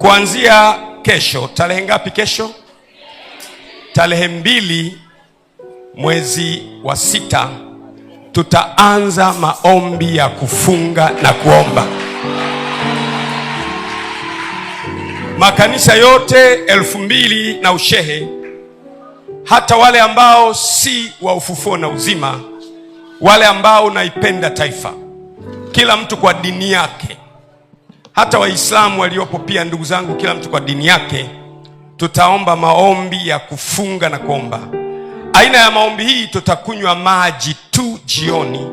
kuanzia kesho. Tarehe ngapi? Kesho tarehe mbili mwezi wa sita tutaanza maombi ya kufunga na kuomba. Makanisa yote elfu mbili na ushehe, hata wale ambao si wa ufufuo na uzima, wale ambao unaipenda taifa, kila mtu kwa dini yake hata Waislamu waliopo pia, ndugu zangu, kila mtu kwa dini yake, tutaomba maombi ya kufunga na kuomba. Aina ya maombi hii, tutakunywa maji tu jioni.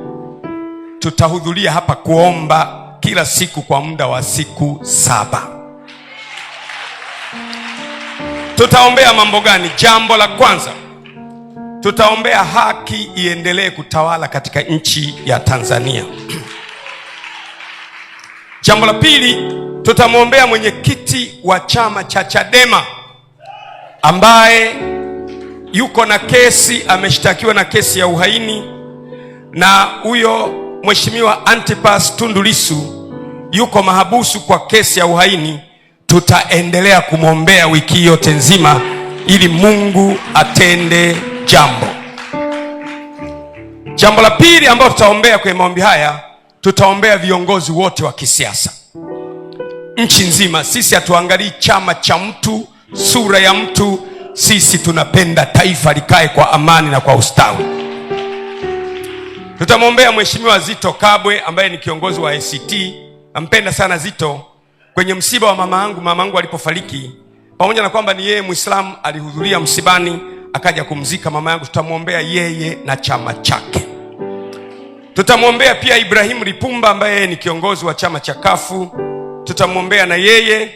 Tutahudhuria hapa kuomba kila siku kwa muda wa siku saba. Tutaombea mambo gani? Jambo la kwanza tutaombea haki iendelee kutawala katika nchi ya Tanzania. Jambo la pili, tutamwombea mwenyekiti wa chama cha Chadema ambaye yuko na kesi, ameshtakiwa na kesi ya uhaini, na huyo mheshimiwa Antipas tundulisu yuko mahabusu kwa kesi ya uhaini. Tutaendelea kumwombea wiki yote nzima ili Mungu atende jambo. Jambo la pili ambalo tutaombea kwenye maombi haya tutaombea viongozi wote wa kisiasa nchi nzima. Sisi hatuangalii chama cha mtu, sura ya mtu. Sisi tunapenda taifa likae kwa amani na kwa ustawi. Tutamwombea mweshimiwa Zito Kabwe ambaye ni kiongozi wa ACT. Nampenda sana Zito. Kwenye msiba wa mama angu mama angu alipofariki, pamoja na kwamba ni yeye mwislamu alihudhuria msibani, akaja kumzika mama yangu. Tutamwombea yeye na chama chake. Tutamwombea pia Ibrahim Lipumba ambaye ni kiongozi wa chama cha Kafu, tutamwombea na yeye,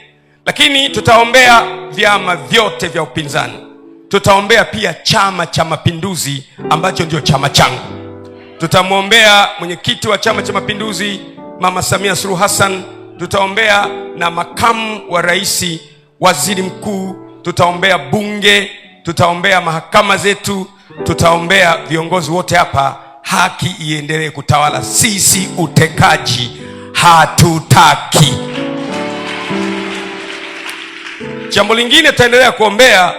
lakini tutaombea vyama vyote vya upinzani. Tutaombea pia Chama cha Mapinduzi ambacho ndio chama changu. Tutamwombea mwenyekiti wa Chama cha Mapinduzi Mama Samia Suluhu Hassan, tutaombea na makamu wa rais, waziri mkuu, tutaombea bunge, tutaombea mahakama zetu, tutaombea viongozi wote hapa haki iendelee kutawala. Sisi utekaji hatutaki. Jambo lingine tutaendelea kuombea,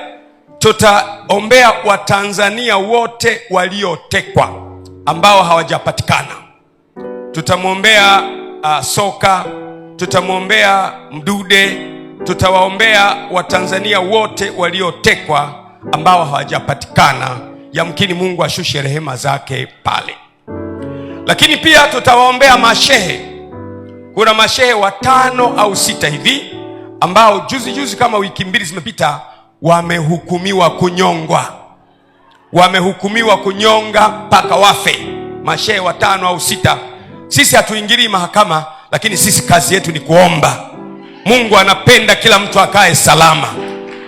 tutaombea Watanzania wote waliotekwa ambao hawajapatikana. Tutamwombea uh, Soka, tutamwombea Mdude, tutawaombea Watanzania wote waliotekwa ambao hawajapatikana yamkini Mungu ashushe rehema zake pale. Lakini pia tutawaombea mashehe. Kuna mashehe watano au sita hivi ambao juzi juzi kama wiki mbili zimepita wamehukumiwa kunyongwa, wamehukumiwa kunyonga mpaka wafe, mashehe watano au sita. Sisi hatuingilii mahakama, lakini sisi kazi yetu ni kuomba. Mungu anapenda kila mtu akae salama.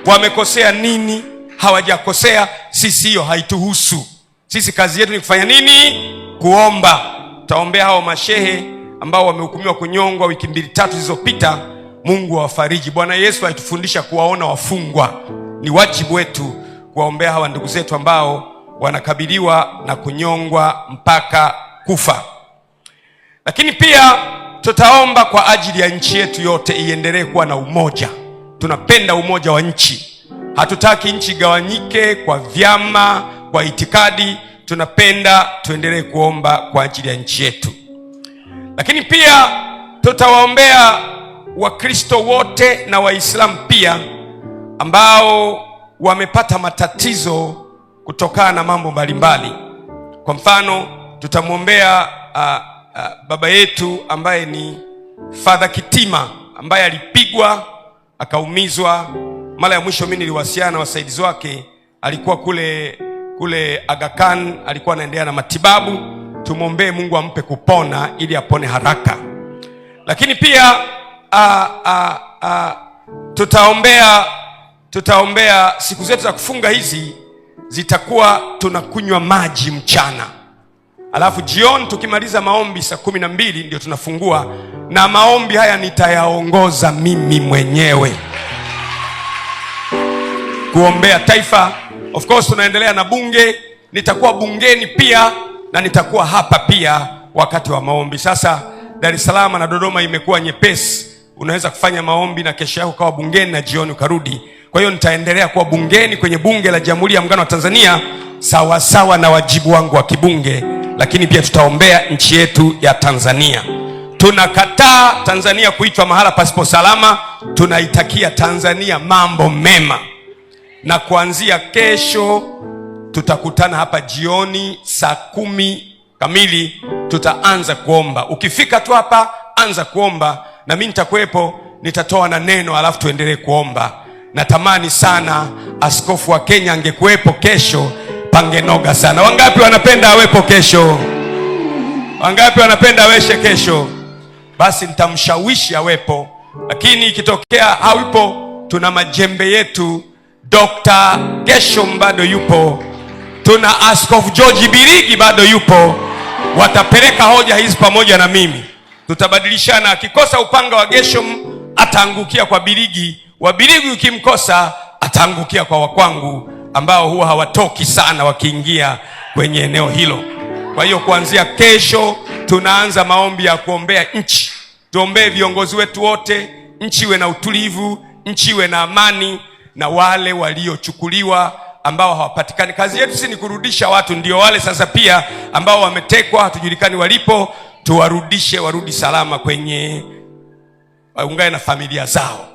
Wamekosea nini? Hawajakosea sisi hiyo haituhusu sisi. Kazi yetu ni kufanya nini? Kuomba. tutaombea hao mashehe ambao wamehukumiwa kunyongwa wiki mbili tatu zilizopita, Mungu awafariji. Bwana Yesu alitufundisha kuwaona wafungwa, ni wajibu wetu kuwaombea hawa ndugu zetu ambao wanakabiliwa na kunyongwa mpaka kufa. Lakini pia tutaomba kwa ajili ya nchi yetu yote iendelee kuwa na umoja. Tunapenda umoja wa nchi Hatutaki nchi igawanyike kwa vyama, kwa itikadi. Tunapenda tuendelee kuomba kwa ajili ya nchi yetu, lakini pia tutawaombea Wakristo wote na Waislamu pia ambao wamepata matatizo kutokana na mambo mbalimbali. Kwa mfano, tutamwombea uh, uh, baba yetu ambaye ni Father Kitima ambaye alipigwa akaumizwa mara ya mwisho mimi niliwasiliana na wasaidizi wake, alikuwa kule kule Aga Khan, alikuwa anaendelea na matibabu. Tumwombee Mungu ampe kupona ili apone haraka, lakini pia a, a, a, tutaombea tutaombea siku zetu za kufunga hizi zitakuwa tunakunywa maji mchana, alafu jioni tukimaliza maombi saa kumi na mbili ndio tunafungua, na maombi haya nitayaongoza mimi mwenyewe kuombea taifa. Of course tunaendelea na bunge, nitakuwa bungeni pia na nitakuwa hapa pia wakati wa maombi. Sasa Dar es Salaam na Dodoma imekuwa nyepesi, unaweza kufanya maombi na kesho yako ukawa bungeni na jioni ukarudi. Kwa hiyo nitaendelea kuwa bungeni kwenye bunge la Jamhuri ya Muungano wa Tanzania sawasawa sawa na wajibu wangu wa kibunge, lakini pia tutaombea nchi yetu ya Tanzania. Tunakataa Tanzania kuitwa mahala pasipo salama, tunaitakia Tanzania mambo mema na kuanzia kesho tutakutana hapa jioni saa kumi kamili, tutaanza kuomba. Ukifika tu hapa, anza kuomba, na mi nitakuwepo, nitatoa na neno, alafu tuendelee kuomba. Natamani sana askofu wa Kenya angekuwepo kesho, pangenoga sana. Wangapi wanapenda awepo kesho? Wangapi wanapenda aweshe kesho? Basi nitamshawishi awepo, lakini ikitokea hawipo, tuna majembe yetu Dr. Geshom bado yupo, tuna Askofu George Birigi bado yupo, watapeleka hoja hizi pamoja na mimi, tutabadilishana. Akikosa upanga wa Geshom ataangukia kwa Birigi, wa Birigi ukimkosa ataangukia kwa wakwangu ambao huwa hawatoki sana wakiingia kwenye eneo hilo. Kwa hiyo kuanzia kesho tunaanza maombi ya kuombea nchi. Tuombee viongozi wetu wote, nchi iwe na utulivu, nchi iwe na amani na wale waliochukuliwa ambao hawapatikani. Kazi yetu si ni kurudisha watu, ndio wale sasa pia ambao wametekwa, hatujulikani walipo, tuwarudishe, warudi salama kwenye, waungane na familia zao.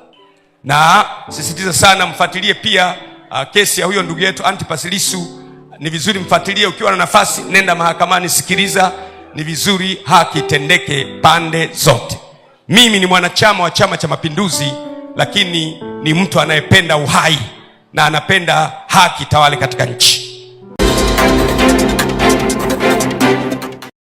Na sisitiza sana, mfuatilie pia uh, kesi ya huyo ndugu yetu Antipas Ni vizuri mfuatilie, ukiwa na nafasi nenda mahakamani, sikiliza. Ni vizuri haki itendeke pande zote. Mimi ni mwanachama wa Chama cha Mapinduzi lakini ni mtu anayependa uhai na anapenda haki tawale katika nchi.